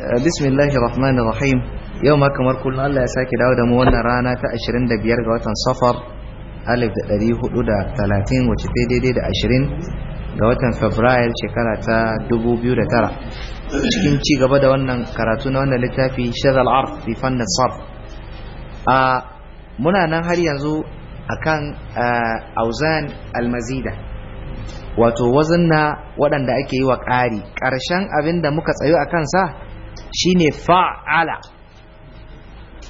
Eh, bismillahi rahmanir yau ma kamar kullum Allah ya sake dawo da mu wannan rana ta 25 ga watan safar 1430 wacce ta daidai da 20 ga watan fabrair shekara ta 2009 cikin ci gaba da wannan karatu na wannan littafi shazal arf fi fannin sarf a muna nan har yanzu akan auzan almazida wato wazin na waɗanda ake yi wa ƙari ƙarshen abin da muka tsayo a kansa shine fa'ala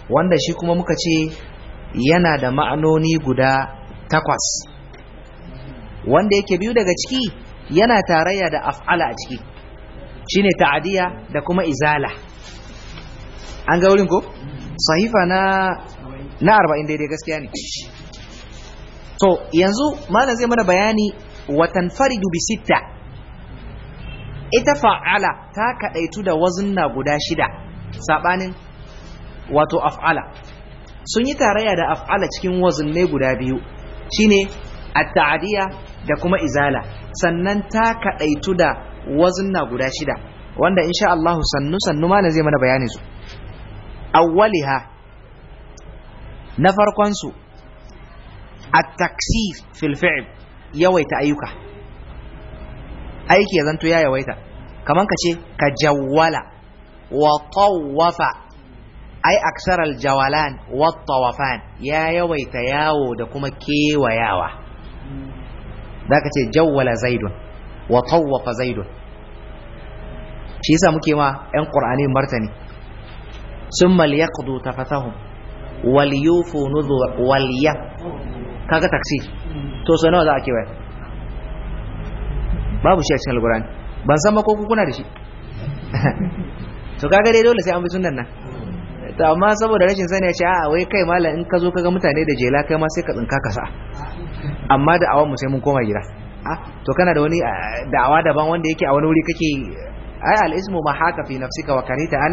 wanda shi kuma muka ce yana da ma'anoni guda takwas wanda yake biyu daga ciki yana tarayya da af'ala a ciki shine ta'diya da kuma izala an ga wurin ko sahifa na na 40 daidai gaskiya ne to yanzu malam zai mana bayani watan fari bi sitta ita fa'ala ta kaɗaitu da wazunna guda shida saɓanin wato af'ala sun yi tarayya da af'ala cikin wazunne guda biyu shine at-ta'diya da kuma izala sannan ta kaɗaitu da wazunna guda shida wanda insha Allah sannu sannu ma zai mana bayani su awwaliha na farkonsu su at-taksir yawaita ayyuka aiki ya zanto ya yawaita kaman ka ce ka jawwala wa tawwafa ai aksar jawalan wa tawafan ya yawaita yawo da kuma kewayawa ka ce jawwala zaidun wa tawwafa zaidun shi yasa muke ma yan qur'ani martani summa liyaqdu tafatahum wal yufu nuzur wal kaga taksi to sanawa nawa za a kewaya babu shi a cikin alkurani ban san ba ko kuna da shi to kaga dai dole sai an bi sunnan nan to amma saboda rashin sani ya ce a wai kai malam in ka zo kaga mutane da jela kai ma sai ka tsinka ka sa amma da awan mu sai mun koma gida a ah, to kana da wani ah, da'awa daban wanda yake a wani wuri kake ai al-ismu ma haka fi nafsika wa karita an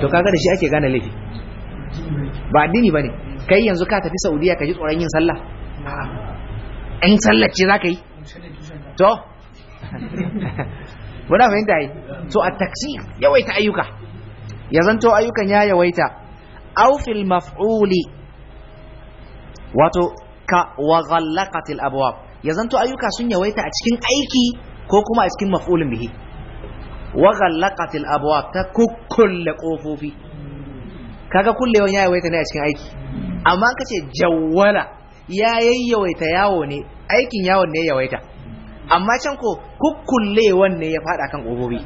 to kaga da shi ake gane laifi ba addini bane kai yanzu ka tafi Saudiya ka ji tsoron yin sallah in sallar ce za ka yi to wadda fahimta yi to a taksi yawaita ayyuka ya zanto ayyukan ya yawaita aufil maf'uli wato ka wa zallakatil abuwa ya zanto ayyuka sun yawaita a cikin aiki ko kuma a cikin maf'ulin bihi wa zallakatil abuwa ta kukkulle kofofi kaga kullewan ya yawaita ne a cikin aiki amma ka ce jawwala ya yayyawaita yawo ne aikin yawon ne yawaita amma can ko kukkullewan ne ya fada kan ƙobobi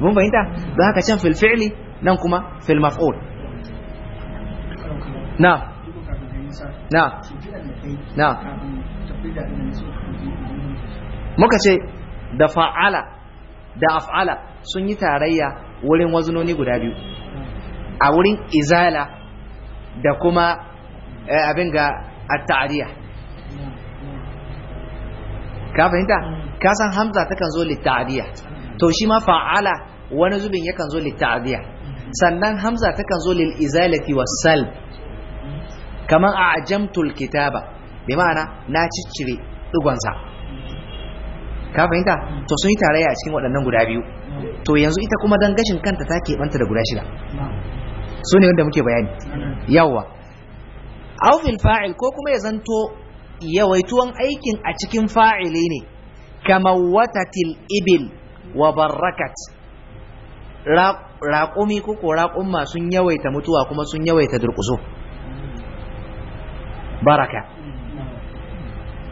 mun fahimta da haka can fil fi'li nan kuma fil maf'ul na na na muka ce da fa'ala da af'ala sun yi tarayya wurin wazunoni guda biyu a wurin izala da kuma Eh, abin ga at-ta'riya ka fahimta ka san hamza takan zo litta'riya to shi ma fa'ala wani zubin yakan zo litta'riya sannan hamza takan zo lil izalati was-sal kaman a'jamtul kitaba bi ma'ana na ciccire digonsa ka fahimta to sun yi tarayya a cikin waɗannan guda biyu to yanzu ita kuma dangashin kanta ta keɓanta da guda shida su ne wanda muke bayani Yawwa. aufil fa'il ko kuma ya zanto yawaituwan aikin a cikin fa'ili ne Kamar watatil ibil wa barrakat raƙumi ko raƙumma sun yawaita mutuwa kuma sun yawaita durƙuso baraka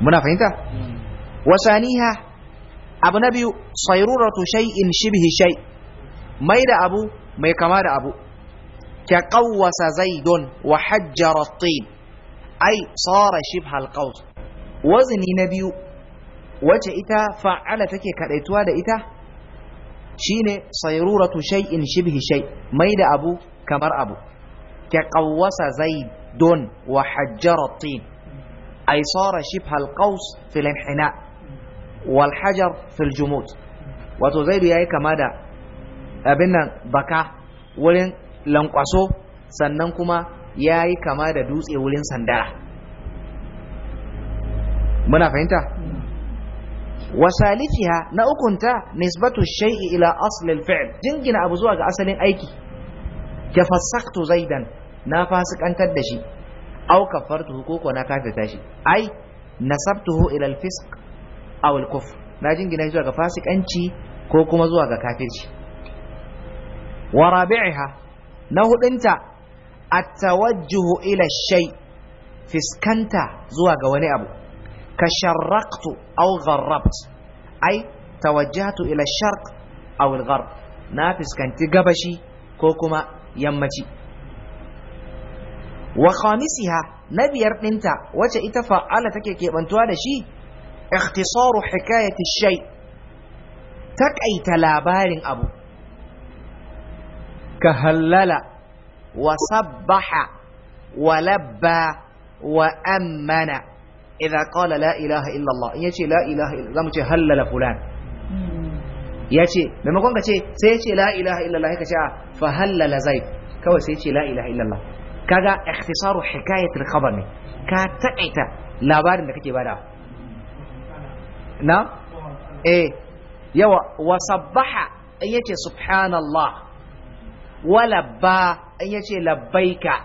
muna fahimta wasaniha abu na biyu sairuratu shay'in shibhi shay mai da abu mai kama da abu ka qawwasa zaidun wa hajjara tin ai tsara shibhal qaus wazni na biyu wacce ita fa'ala take kaɗaituwa da ita shine sayruratu shai'in shibhi shai. mai da abu kamar abu ka qawwasa don wa hajjara tin ai tsara shibhal qaus filin inhina wal hajar fil wato zaidu yayi kama da abin nan baka wurin lankwaso sannan kuma ya yi kama da dutse wurin sandara muna fahimta ha na ukunta nisbatu shay'i ila asli al jingina abu zuwa ga asalin aiki Ke fasaktu zaidan na fasikantar da shi aw kafartu hukuku ko na kafirta shi ai nasabtuhu ila alfisq aw alkufr na jingina zuwa ga fasikanci ko kuma zuwa ga kafirci wa rabi'iha na hudunta التوجه إلى الشيء فسكنت زواج ونأبو كشرقت أو غربت أي توجهت إلى الشرق أو الغرب نافس كنت قبشي كوكما يمتي وخامسها نبير انت وجه اتفعل تكيكي بنتوال شي اختصار حكاية الشيء تكأي تلابار أبو كهللا wa sabbaha wa labba wa ammana idza qala la ilaha illa Allah in yace la ilaha illa zamu ce halala fulan yace maimakon ka ce sai ce la ilaha illa Allah kace fa halala zaid kawai sai ce la ilaha illa Allah kaga ikhtisaru hikayatul khabar ne ka taƙaita labarin da kake bada na eh yawa wa sabbaha in yace subhanallah wa labba in yace labbaika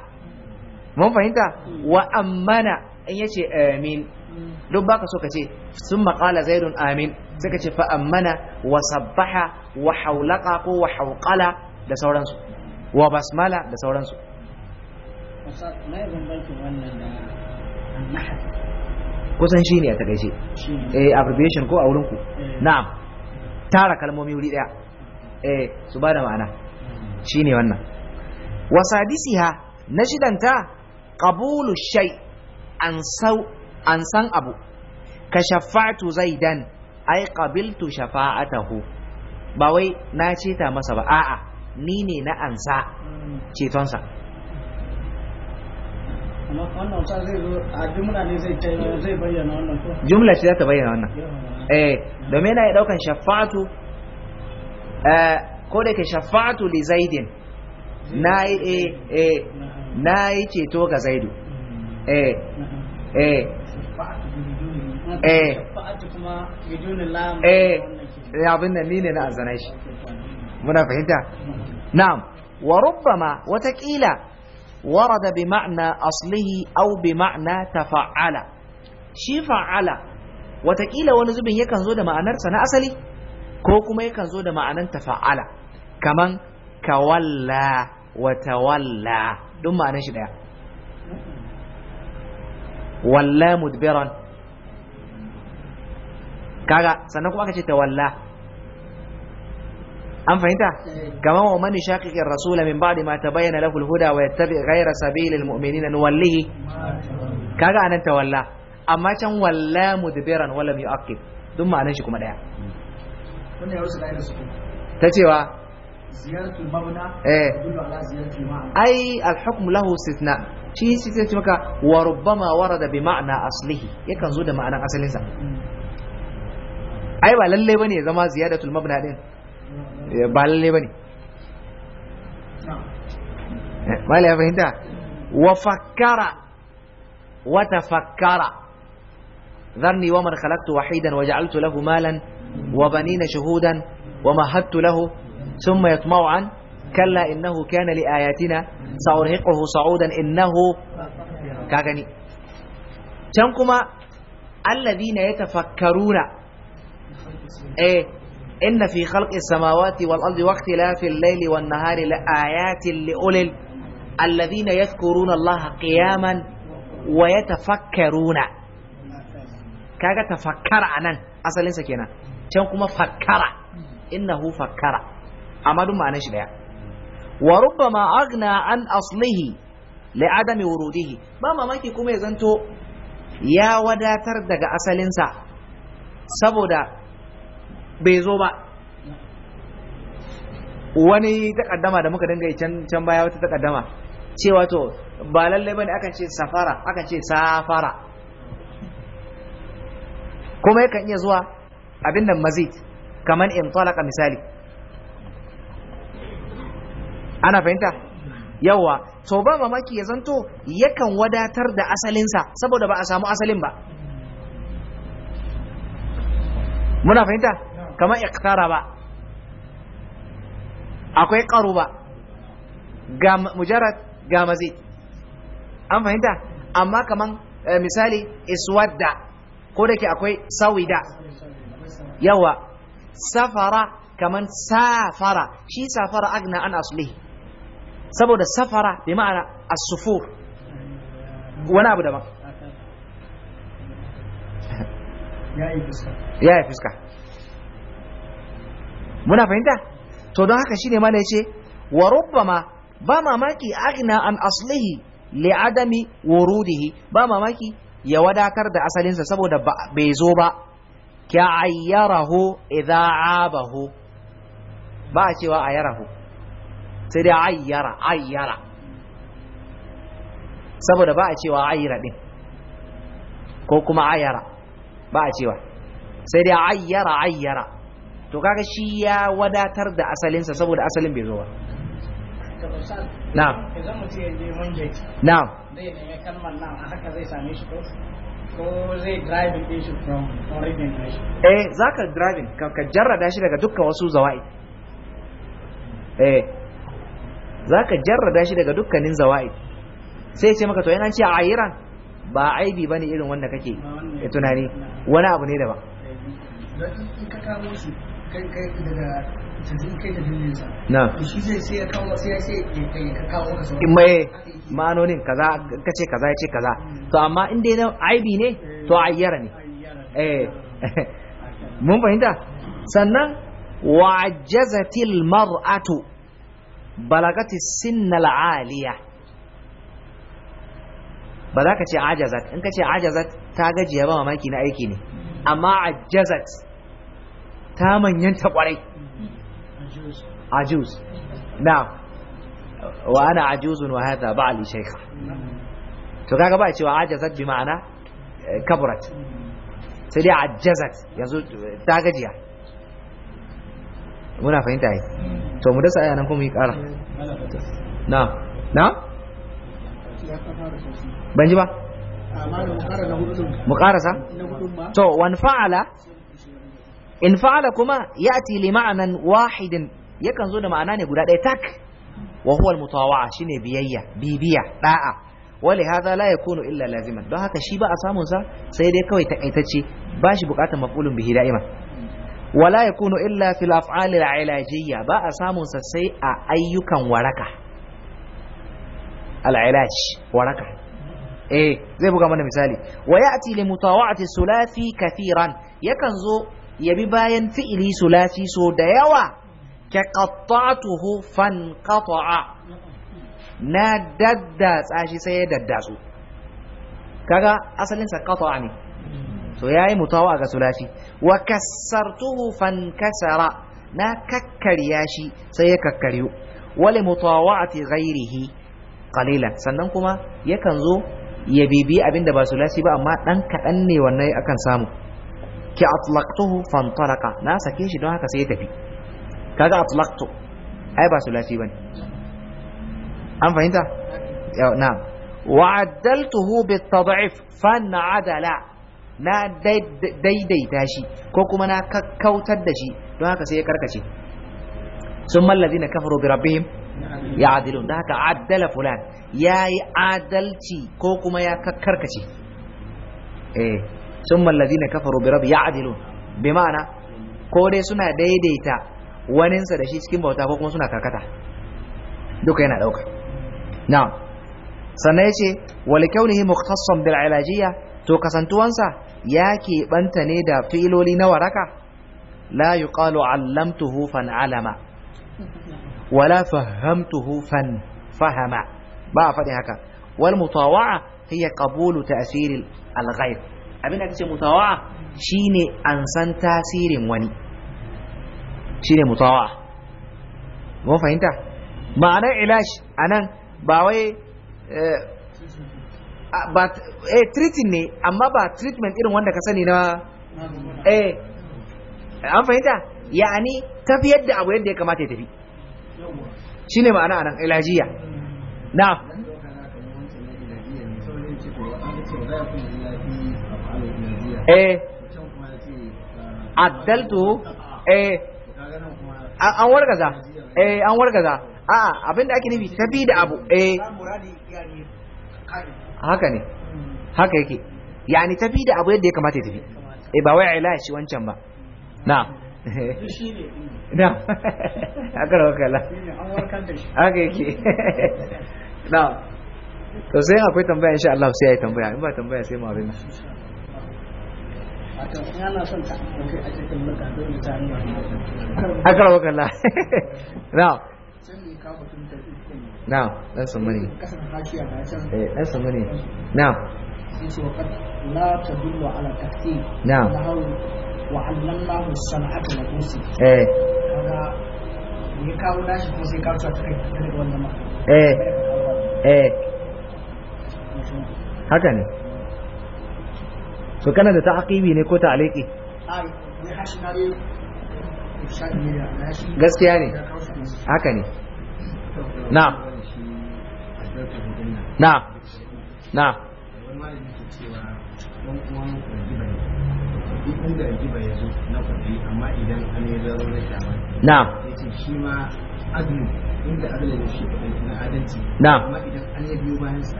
mun fahimta wa ammana in yace amin duk baka so ka ce sun maƙala zaidun amin sai ce fa ammana wa sabbaha wa haulaka ko wa haukala da sauransu wa basmala da sauransu kusan shi ne a takaice eh abbreviation ko a wurinku eh. na'am tara kalmomi wuri daya eh su ba da ma'ana hmm. shi ne wannan Wasadisiha na shidanta qabulu shay an sau san abu ka shafa'tu zaidan ai qabiltu shafa'atahu ba wai na ceta masa ba a'a ni ne na ansa cetonsa jumla ce za ta bayyana wannan eh domin yana ya daukan shafatu, eh, ko da ke shafatu li zaidin na yi eh, eh, ceto ga zaidu eh, abin da ni ne na azana shi muna fahimta na'am wa rubbama watakila warada bi ma'na aslihi aw bi ma'na tafa'ala shi fa'ala watakila wani zubin yakan zo da ma'anarsa na asali ko kuma yakan zo da ma'anar tafa'ala kaman kawalla wa tawalla duk ma'anar shi daya walla mudbiran kaga sannan kuma aka ce tawalla an fahimta kamar wa mani shaqiqir rasul min ba'di ma tabayyana lahu al-huda wa yattabi ghayra sabilil mu'minina nuwallihi kaga anan tawalla amma can walla mudbiran wala yu'aqib duk ma'anar shi kuma daya wannan ya rusu da su ta cewa ziyaratul mabna eh ai al-hukm lahu istithna shi shi sai ce maka wa rubbama warada bi aslihi yakan zo da asalinsa ai ba lalle bane ya zama ziyadatul mabna din eh, ba lalle bane eh, mala ya fahimta wa fakkara wa tafakkara dharni wa man khalaqtu wahidan wa ja'altu lahu malan wa banina shuhudan wa mahattu lahu ثم يطمع عن كلا إنه كان لآياتنا سأرهقه صعودا إنه كاغني تنكما الذين يتفكرون إيه إن في خلق السماوات والأرض واختلاف الليل والنهار لآيات لأولي الذين يذكرون الله قياما ويتفكرون كاغا تفكر عنا أصلا لنسى كينا تنكما فكر إنه فكر amma duk ma'anar shi daya wa rubbama aghna an aslihi li adami wurudihi ba mamaki kuma ya zanto ya wadatar daga asalinsa saboda bai zo ba wani takaddama da muka dinga can can baya wata takaddama cewa to ba lallai bane aka ce safara aka ce safara kuma yakan iya zuwa abin nan mazid kaman in talaka misali ana fahimta yawa to ba mamaki ya zanto yakan wadatar da asalinsa saboda ba a samu asalin ba muna fahimta kamar iktara ba akwai karu ba ga mujarrad ga mazi an fahimta amma kaman eh, misali iswadda ko da ke akwai sawida yawa safara kaman safara shi safara agna an aslihi saboda safara bi ma'ana as-sufur wani abu daban ya yi fuska muna fahimta to don haka shine mana yace wa rubbama ba mamaki agna an aslihi li adami wurudihi ba mamaki ya wadakar da asalinsa saboda bai zo ba ka ayyarahu idza abahu ba cewa ayyarahu sai dai ayyara ayyara saboda ba a cewa ayyara din ko kuma ayyara ba a cewa sai dai ayyara ayyara to kaga shi ya wadatar da asalinsa saboda asalin bai zo ba na'am na'am zai nemi kalmar nan a haka zai same shi ko ko zai driving din shi from origin eh zaka driving ka jarrada shi daga dukkan wasu zawai eh zaka jarrada shi daga dukkanin Zawai. sai ce maka to yana ce a iran ba aibi bane irin wanda kake tunani wani abu ne daban kai kai da jirgin kai da duniyansa na shi zai sai ya kawo sai ya ce eh, kawo ka sauran mai ma'anonin kaza kace kaza ya ce kaza to amma in dai na aibi ne to ayyara ne eh mun fahimta sannan jazatil mar'atu balagati sinnal aliya ba za ka ce ajazat in ka ce ajazat ta gajiya ba mamaki na aiki ne amma ajazat ta manyanta kwarai ajuz na wa ana ajuzun wa hadha ali shaykha to kaga ba cewa ajazat bi ma'ana eh, kaburat sai dai ajazat yanzu ta gajiya muna fahimta yi to mu dasa aya nan kuma yi ƙara na na ban ji ba mu ƙarasa to wan fa'ala in fa'ala kuma ya'ti li ma'anan wahidin yakan zo da ma'ana ne guda ɗaya tak wa huwa mutawaa shine biyayya bibiya da'a wale haza la yakunu illa laziman don haka shi ba a samun sa sai dai kawai takaitacce ba shi bukatar maf'ulun bihi da'ima wala yakunu illa fil af'al al ba'a ba a samun sai a ayyukan waraka al waraka eh zai buga mana misali wa ya'ti li mutawa'ati sulafi kafiran? yakan zo yabi bayan fi'ili sulafi so da yawa Ke qatta'tuhu fan qata'a na daddatsa shi sai ya daddatsu kaga asalinsa sa ne To yayi mutawa ga sulasi wa kassartuhu fankasara na kakkarya shi sai ya kakkaryu wali mutawa'ati ghairihi qalilan sannan kuma yakan zo ya bibi abinda ba sulasi ba amma dan kadan ne wannan akan samu ki atlaqtuhu fantalaqa na sake shi don haka sai ya tafi kaga atlaqtu ai ba sulasi bane an fahimta na'am wa'addaltuhu bitad'if adala. na daidaita shi ko kuma na kakkautar da shi don haka sai ya karkace sun mallazi na kafaru bi ya adilun da haka Adala fulan ya yi adalci ko kuma ya karkace, eh sun mallazi na kafaru bi rabbi ya adilun bi ma'ana ko dai suna daidaita waninsa da shi cikin bauta ko kuma suna karkata duka yana ɗauka na sannan ya ce wali kaunihi mukhtassan bil ilajiyya to kasantuwansa ya keɓanta ne da fi'iloli na waraka la yuqalu allamtuhu fan alama wala fahamtuhu fan fahama ba a faɗi haka wal mutawa'a hiya qabulu ta asirin ghayr abin da ce mutawa'a shine an san tasirin wani shine mutawa'a mun fahimta ma'anar ilash nan? ba wai eh, ba eh treating ne amma ba treatment irin wanda ka sani na eh an fahimta yani tafiyar da abu yadda ya kamata ya tafi shine ma'ana anan ilajiya na eh addaltu eh an wargaza eh an wargaza a'a abinda ake nufi tafi da abu eh haka ne haka yake ni tafi da abu yadda ya kamata ya tafi e ba wai ila shi wancan ba na na haka da wakala haka yake na to sai akwai tambaya insha Allah sai ya tambaya in ba tambaya sai mu abin akara wakala na نعم dan samani dan samani na'am yace waqad la tadullu ala taktim na'am wa 'allamnahu as-san'ata lakusi eh kaga ya kawo nashi ko sai kawo ta kai daga wannan ma eh eh haka ne so kana da ta'aqibi ne ko ta'liqi ai ne hashi na dai gaskiya ne haka ne na'am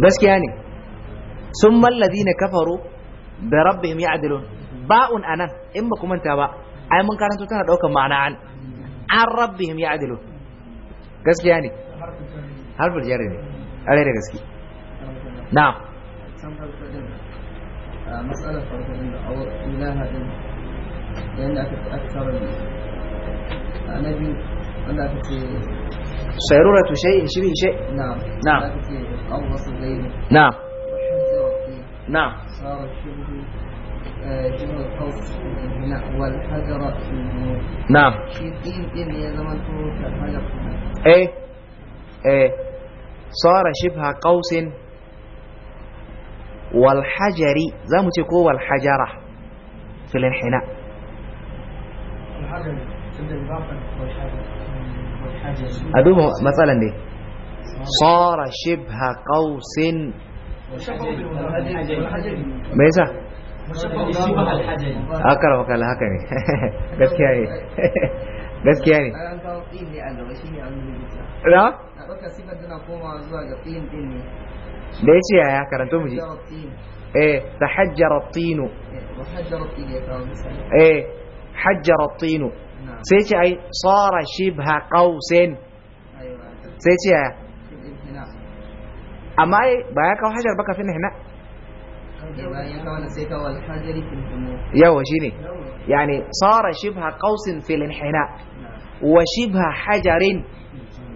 gaskiya ne sun mallazi na kafaru da rabbihim adilun ba'un nan in ba kuma manta ba ai mun karanto tana ɗaukar ma'ana an an rabbihim adilun gaskiya ne harfin jari ne are da gaske na'am matsalar farko da ilaha din yayin da aka tsara na biyu wanda aka ce سيرورة شيء شبه شيء نعم نعم قوص الليل نعم نعم صار شبه شبه القوس والحجر في النور نعم شيء إن إن يزمنه كالحجر ايه ايه صار شبه قوس والحجر زمت قوة الحجرة في الانحناء أدوه مثلا دي صار شبه قوس ميزة أكرمك الله هكذا بس كياني بس كياني na ɗauka sifar tana koma zuwa ga tin din ne da ya ce yaya karanto mu ji eh ta hajjara tinu eh hajjara tinu sai ce ai tsara shibha qausin sai ce yaya amma ba ya kawo hajar baka fin hina yawa shine yani tsara shibha qausin fil hina wa shibha hajarin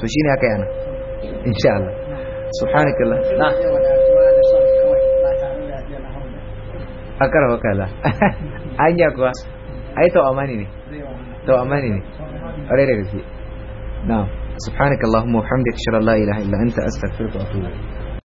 to shine haka yana insha Allah subhanakallah na akara wakala anya kuwa ai to amani ne to amani ne are da gaske na subhanakallahumma wa bihamdika ashhadu an la ilaha illa anta astaghfiruka